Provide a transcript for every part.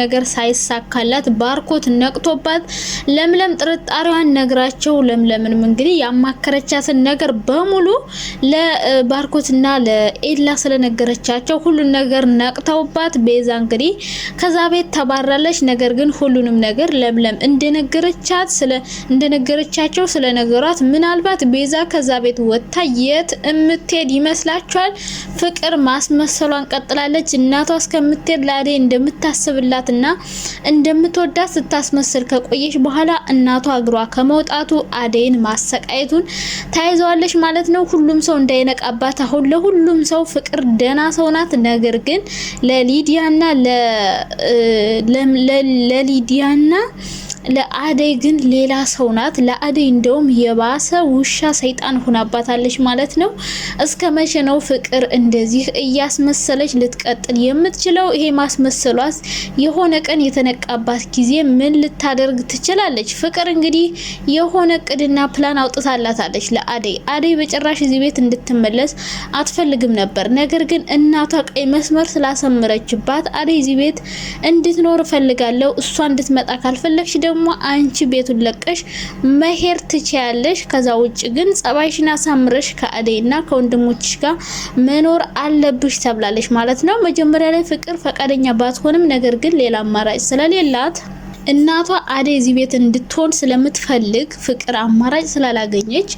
ነገር ሳይሳካላት ባርኮት ነቅቶባት ለምለም ጥርጣሬዋን ነግራቸው ለምለምንም እንግዲህ ያማከረቻትን ነገር በሙሉ ለባርኮትና ለኤላ ስለነገረቻቸው ሁሉን ነገር ነቅተውባት ቤዛ እንግዲህ ከዛ ቤት ተባራለች። ነገር ግን ሁሉንም ነገር ለምለም እንደነገረቻት ስለ እንደነገረቻቸው ስለነገሯት ምናልባት ቤዛ ከዛ ቤት ወጥታ የት እምትሄድ ይመስላችኋል? ፍቅር ማስመሰሏን ቀጥላለች። እናቷ እስከምትሄድ ላዴ እንደምታስብላት እንደምትወዳትና እንደምትወዳት ስታስመስል ከቆየች በኋላ እናቷ እግሯ ከመውጣቱ አደይን ማሰቃየቱን ታይዘዋለች ማለት ነው። ሁሉም ሰው እንዳይነቃባት አሁን ለሁሉም ሰው ፍቅር ደህና ሰው ናት። ነገር ግን ለሊዲያና ለሊዲያና ለአደይ ግን ሌላ ሰው ናት። ለአደይ እንደውም የባሰ ውሻ ሰይጣን ሆናባታለች ማለት ነው። እስከ መቼ ነው ፍቅር እንደዚህ እያስመሰለች ልትቀጥል የምትችለው? ይሄ ማስመሰሏስ የሆነ ቀን የተነቃባት ጊዜ ምን ልታደርግ ትችላለች? ፍቅር እንግዲህ የሆነ እቅድና ፕላን አውጥታላታለች ለአደይ። አደይ በጭራሽ እዚህ ቤት እንድትመለስ አትፈልግም ነበር። ነገር ግን እናቷ ቀይ መስመር ስላሰመረችባት አደይ እዚህ ቤት እንድትኖር እፈልጋለሁ፣ እሷ እንድትመጣ ካልፈለግሽ ደግሞ ደግሞ አንቺ ቤቱን ለቀሽ መሄድ ትችያለሽ። ከዛ ውጭ ግን ጸባይሽን አሳምረሽ ከአደይና ከወንድሞችሽ ጋር መኖር አለብሽ ተብላለች ማለት ነው። መጀመሪያ ላይ ፍቅር ፈቃደኛ ባትሆንም ነገር ግን ሌላ አማራጭ ስለሌላት እናቷ አደይ እዚህ ቤት እንድትሆን ስለምትፈልግ ፍቅር አማራጭ ስላላገኘች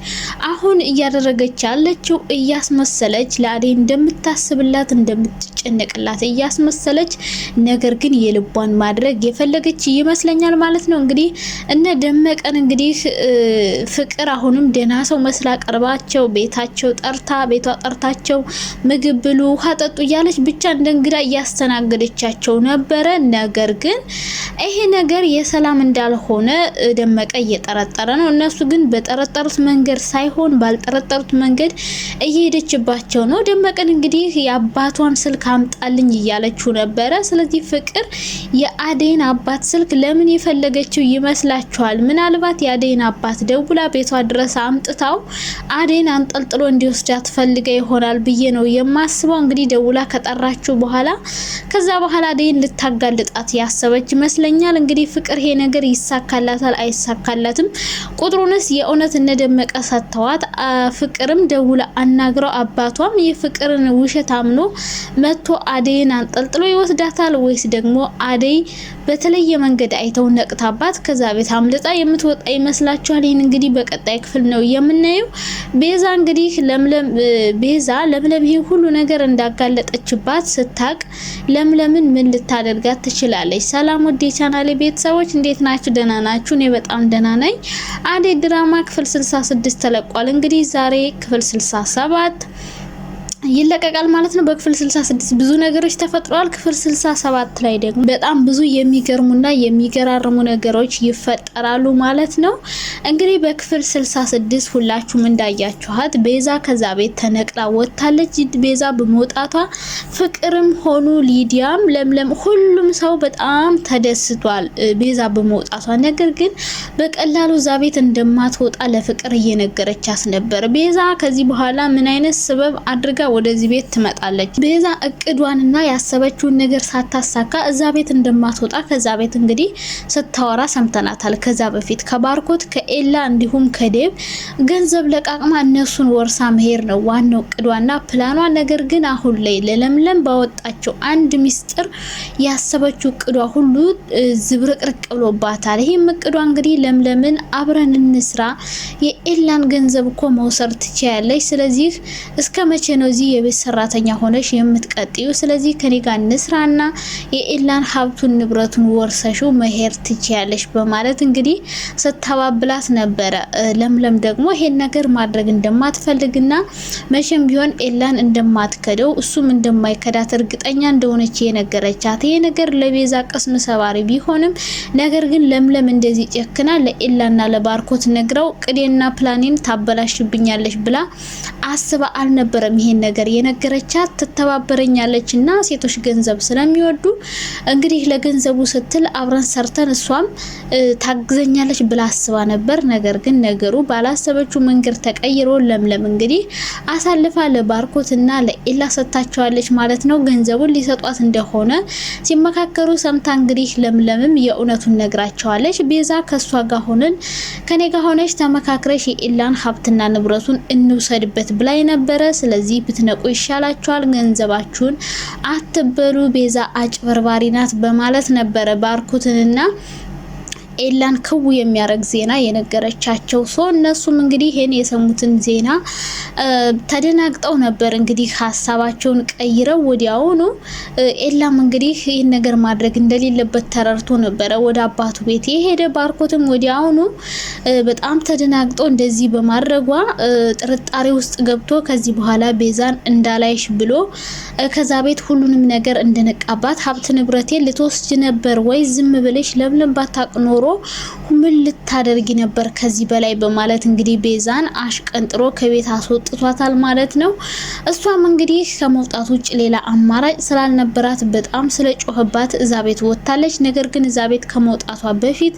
አሁን እያደረገች ያለችው እያስመሰለች ለአደይ እንደምታስብላት እንደምትጨነቅላት እያስመሰለች ነገር ግን የልቧን ማድረግ የፈለገች ይመስለኛል ማለት ነው። እንግዲህ እነ ደመቀን እንግዲህ ፍቅር አሁንም ደህና ሰው መስላ ቀርባቸው ቤታቸው ጠርታ ቤቷ ጠርታቸው ምግብ ብሉ፣ ውሃ ጠጡ እያለች ብቻ እንደ እንግዳ እያስተናገደቻቸው ነበረ። ነገር ግን ይሄ ነገር ነገር የሰላም እንዳልሆነ ደመቀ እየጠረጠረ ነው። እነሱ ግን በጠረጠሩት መንገድ ሳይሆን ባልጠረጠሩት መንገድ እየሄደችባቸው ነው። ደመቀን እንግዲህ የአባቷን ስልክ አምጣልኝ እያለችው ነበረ። ስለዚህ ፍቅር የአደይን አባት ስልክ ለምን የፈለገችው ይመስላችኋል? ምናልባት የአደይን አባት ደውላ ቤቷ ድረስ አምጥታው አደይን አንጠልጥሎ እንዲወስዳት ፈልገ ይሆናል ብዬ ነው የማስበው። እንግዲህ ደውላ ከጠራችሁ በኋላ ከዛ በኋላ አደይን ልታጋልጣት ያሰበች ይመስለኛል እንግዲህ ፍቅር ይሄ ነገር ይሳካላታል አይሳካላትም? ቁጥሩንስ የእውነት እነደመቀ ሰጥተዋት ፍቅርም ደውላ አናግረው አባቷም የፍቅርን ውሸት አምኖ መጥቶ አደይን አንጠልጥሎ ይወስዳታል ወይስ ደግሞ አደይ በተለየ መንገድ አይተው ነቅታባት ከዛ ቤት አምልጣ የምትወጣ ይመስላችኋል? ይህን እንግዲህ በቀጣይ ክፍል ነው የምናየው። ቤዛ እንግዲህ ለምለም ቤዛ ለምለም ይሄ ሁሉ ነገር እንዳጋለጠችባት ስታቅ ለምለምን ምን ልታደርጋት ትችላለች? ሰላም ወዴ ቻናሌ ቤት ቤተሰቦች እንዴት ናችሁ? ደህና ናችሁ? እኔ በጣም ደህና ነኝ። አደይ ድራማ ክፍል 66 ተለቋል። እንግዲህ ዛሬ ክፍል 67 ይለቀቃል ማለት ነው። በክፍል 66 ብዙ ነገሮች ተፈጥረዋል። ክፍል 67 ላይ ደግሞ በጣም ብዙ የሚገርሙና የሚገራርሙ ነገሮች ይፈጠራሉ ማለት ነው። እንግዲህ በክፍል 66 ሁላችሁም እንዳያችኋት ቤዛ ከዛ ቤት ተነቅላ ወጥታለች። ቤዛ በመውጣቷ ፍቅርም ሆኑ ሊዲያም፣ ለምለም ሁሉም ሰው በጣም ተደስቷል ቤዛ በመውጣቷ። ነገር ግን በቀላሉ እዛ ቤት እንደማትወጣ ለፍቅር እየነገረቻት ነበር። ቤዛ ከዚህ በኋላ ምን አይነት ስበብ አድርጋ ወደዚህ ቤት ትመጣለች። ቤዛ እቅዷንና ያሰበችውን ነገር ሳታሳካ እዛ ቤት እንደማትወጣ ከዛ ቤት እንግዲህ ስታወራ ሰምተናታል። ከዛ በፊት ከባርኮት ከኤላ እንዲሁም ከዴብ ገንዘብ ለቃቅማ እነሱን ወርሳ መሄድ ነው ዋናው እቅዷና ፕላኗ። ነገር ግን አሁን ላይ ለለምለም ባወጣቸው አንድ ሚስጥር ያሰበችው እቅዷ ሁሉ ዝብርቅርቅ ብሎባታል። ይህም እቅዷ እንግዲህ ለምለምን አብረን እንስራ፣ የኤላን ገንዘብ እኮ መውሰድ ትችያለች። ስለዚህ እስከ መቼ ነው እዚህ እዚህ የቤት ሰራተኛ ሆነሽ የምትቀጥዩ፣ ስለዚህ ከኔ ጋር እንስራና የኤላን ሀብቱን ንብረቱን ወርሰሽው መሄድ ትችያለሽ በማለት እንግዲህ ስታባብላት ነበረ። ለምለም ደግሞ ይሄን ነገር ማድረግ እንደማትፈልግና መቼም ቢሆን ኤላን እንደማትከደው እሱም እንደማይከዳት እርግጠኛ እንደሆነች የነገረቻት ይሄ ነገር ለቤዛ ቅስም ሰባሪ ቢሆንም ነገር ግን ለምለም እንደዚህ ጨክና ለኤላና ለባርኮት ነግረው ቅዴና ፕላኔን ታበላሽብኛለች ብላ አስባ አልነበረም ይሄን ነገር ነገር የነገረቻት ትተባበረኛለች እና ሴቶች ገንዘብ ስለሚወዱ እንግዲህ ለገንዘቡ ስትል አብረን ሰርተን እሷም ታግዘኛለች ብላ አስባ ነበር። ነገር ግን ነገሩ ባላሰበችው መንገድ ተቀይሮ ለምለም እንግዲህ አሳልፋ ለባርኮትና ለኢላ ሰጥታቸዋለች ማለት ነው። ገንዘቡን ሊሰጧት እንደሆነ ሲመካከሩ ሰምታ እንግዲህ ለምለምም የእውነቱን ነግራቸዋለች። ቤዛ ከሷ ጋር ሆነን ከኔ ጋር ሆነች ተመካክረሽ የኢላን ሀብትና ንብረቱን እንውሰድበት ብላይ ነበረ። ስለዚህ ብት ብትነቁ ይሻላችኋል፣ ገንዘባችሁን አትበሉ፣ ቤዛ አጭበርባሪ ናት በማለት ነበረ ባርኩትንና ኤላን ክው የሚያደርግ ዜና የነገረቻቸው ሰው እነሱም እንግዲህ ይሄን የሰሙትን ዜና ተደናግጠው ነበር። እንግዲህ ሀሳባቸውን ቀይረው ወዲያውኑ ኤላም እንግዲህ ይህን ነገር ማድረግ እንደሌለበት ተረርቶ ነበረ ወደ አባቱ ቤት የሄደ። ባርኮትም ወዲያውኑ በጣም ተደናግጦ እንደዚህ በማድረጓ ጥርጣሬ ውስጥ ገብቶ ከዚህ በኋላ ቤዛን እንዳላይሽ ብሎ ከዛ ቤት ሁሉንም ነገር እንደነቃባት ሀብት ንብረቴን ልትወስጅ ነበር ወይ ዝም ብለሽ ለምለም ባታቅ ኖሮ ምን ልታደርጊ ነበር ከዚህ በላይ በማለት እንግዲህ ቤዛን አሽቀንጥሮ ከቤት አስወጥቷታል ማለት ነው። እሷም እንግዲህ ከመውጣት ውጭ ሌላ አማራጭ ስላልነበራት በጣም ስለጮህባት እዛ ቤት ወጥታለች። ነገር ግን እዛ ቤት ከመውጣቷ በፊት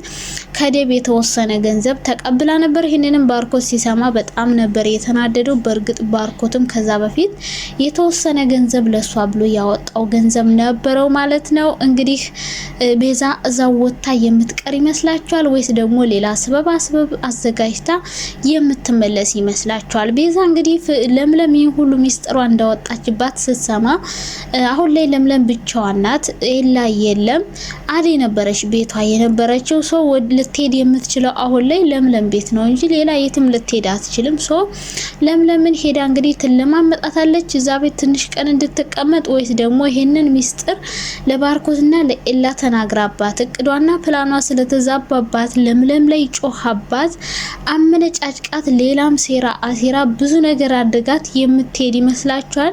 ከደብ የተወሰነ ገንዘብ ተቀብላ ነበር። ይህንንም ባርኮት ሲሰማ በጣም ነበር የተናደደው። በእርግጥ ባርኮትም ከዛ በፊት የተወሰነ ገንዘብ ለሷ ብሎ ያወጣው ገንዘብ ነበረው ማለት ነው። እንግዲህ ቤዛ እዛ ወጥታ የምትቀር ይመስላል ይመስላችኋል ወይስ ደግሞ ሌላ ስበብ አስበብ አዘጋጅታ የምትመለስ ይመስላችኋል? ቤዛ እንግዲህ ለምለም ይህ ሁሉ ሚስጥሯ እንዳወጣችባት ስትሰማ አሁን ላይ ለምለም ብቻዋን ናት። ኤላ የለም። አደይ ነበረች ቤቷ የነበረችው። ሰው ልትሄድ የምትችለው አሁን ላይ ለምለም ቤት ነው እንጂ ሌላ የትም ልትሄድ አትችልም። ሶ ለምለምን ሄዳ እንግዲህ ትለማመጣታለች እዛ ቤት ትንሽ ቀን እንድትቀመጥ ወይስ ደግሞ ይህንን ሚስጥር ለባርኮትና ለኤላ ተናግራባት እቅዷና ፕላኗ ስለተዛ ተዛባባት፣ ለምለም ላይ ጮሃባት፣ አመነጫጭቃት፣ ሌላም ሴራ አሴራ ብዙ ነገር አድርጋት የምትሄድ ይመስላችኋል?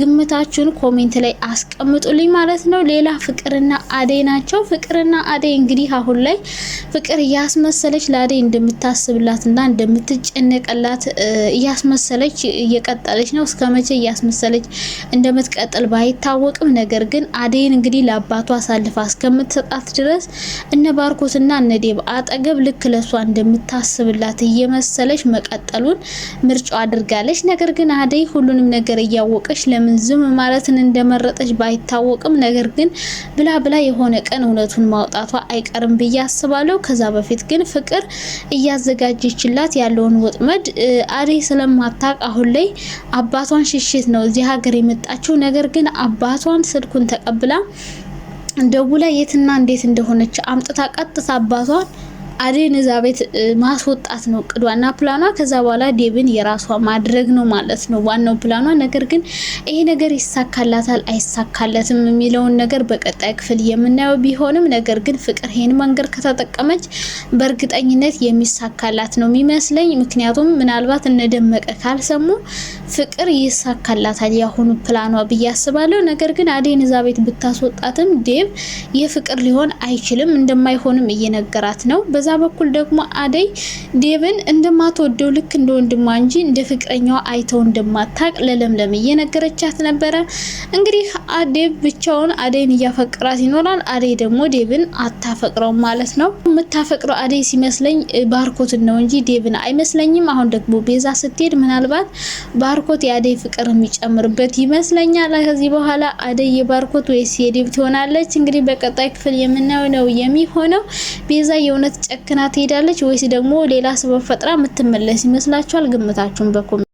ግምታችሁን ኮሜንት ላይ አስቀምጡልኝ ማለት ነው። ሌላ ፍቅርና አደይ ናቸው። ፍቅርና አደይ እንግዲህ አሁን ላይ ፍቅር እያስመሰለች ለአደይ እንደምታስብላትና እንደምትጨነቀላት እያስመሰለች እየቀጠለች ነው። እስከ መቼ እያስመሰለች እንደምትቀጥል ባይታወቅም ነገር ግን አደይን እንግዲህ ለአባቱ አሳልፋ እስከምትሰጣት ድረስ እነ ባርኮትና እና እነዴብ አጠገብ ልክ ለሷ እንደምታስብላት እየመሰለች መቀጠሉን ምርጫው አድርጋለች። ነገር ግን አደይ ሁሉንም ነገር እያወቀች ለምን ዝም ማለትን እንደመረጠች ባይታወቅም ነገር ግን ብላ ብላ የሆነ ቀን እውነቱን ማውጣቷ አይቀርም ብዬ አስባለሁ። ከዛ በፊት ግን ፍቅር እያዘጋጀችላት ያለውን ወጥመድ አደይ ስለማታቅ አሁን ላይ አባቷን ሽሽት ነው እዚህ ሀገር የመጣችው። ነገር ግን አባቷን ስልኩን ተቀብላ ደውላ የትና እንዴት እንደሆነች አምጥታ ቀጥታ አባቷን አዴ እዛ ቤት ማስወጣት ነው እና ፕላኗ። ከዛ በኋላ ዴብን የራሷ ማድረግ ነው ማለት ነው ዋናው ፕላኗ። ነገር ግን ይሄ ነገር ይሳካላታል አይሳካለትም የሚለውን ነገር በቀጣይ ክፍል የምናየው ቢሆንም ነገር ግን ፍቅር ይሄን መንገድ ከተጠቀመች በእርግጠኝነት የሚሳካላት ነው የሚመስለኝ። ምክንያቱም ምናልባት እነደመቀ ካልሰሙ ፍቅር ይሳካላታል ያሁኑ ፕላኗ ብዬ አስባለሁ። ነገር ግን አዴ እዛ ቤት ብታስወጣትም ዴብ የፍቅር ሊሆን አይችልም እንደማይሆንም እየነገራት ነው። በዛ በኩል ደግሞ አደይ ዴብን እንደማትወደው ልክ እንደ ወንድሟ እንጂ እንደ ፍቅረኛዋ አይተው እንደማታቅ ለለምለም እየነገረቻት ነበረ። እንግዲህ ዴቭ ብቻውን አደይን እያፈቅራት ይኖራል። አደይ ደግሞ ዴብን አታፈቅረው ማለት ነው። የምታፈቅረው አደይ ሲመስለኝ ባርኮትን ነው እንጂ ዴብን አይመስለኝም። አሁን ደግሞ ቤዛ ስትሄድ ምናልባት ባርኮት የአደይ ፍቅር የሚጨምርበት ይመስለኛል። ከዚህ በኋላ አደይ የባርኮት ወይስ የዴብ ትሆናለች? እንግዲህ በቀጣይ ክፍል የምናየው ነው የሚሆነው ቤዛ የእውነት ጨክና ትሄዳለች ወይስ ደግሞ ሌላ ሰበብ ፈጥራ የምትመለስ ይመስላችኋል? ግምታችሁን በኮሜንት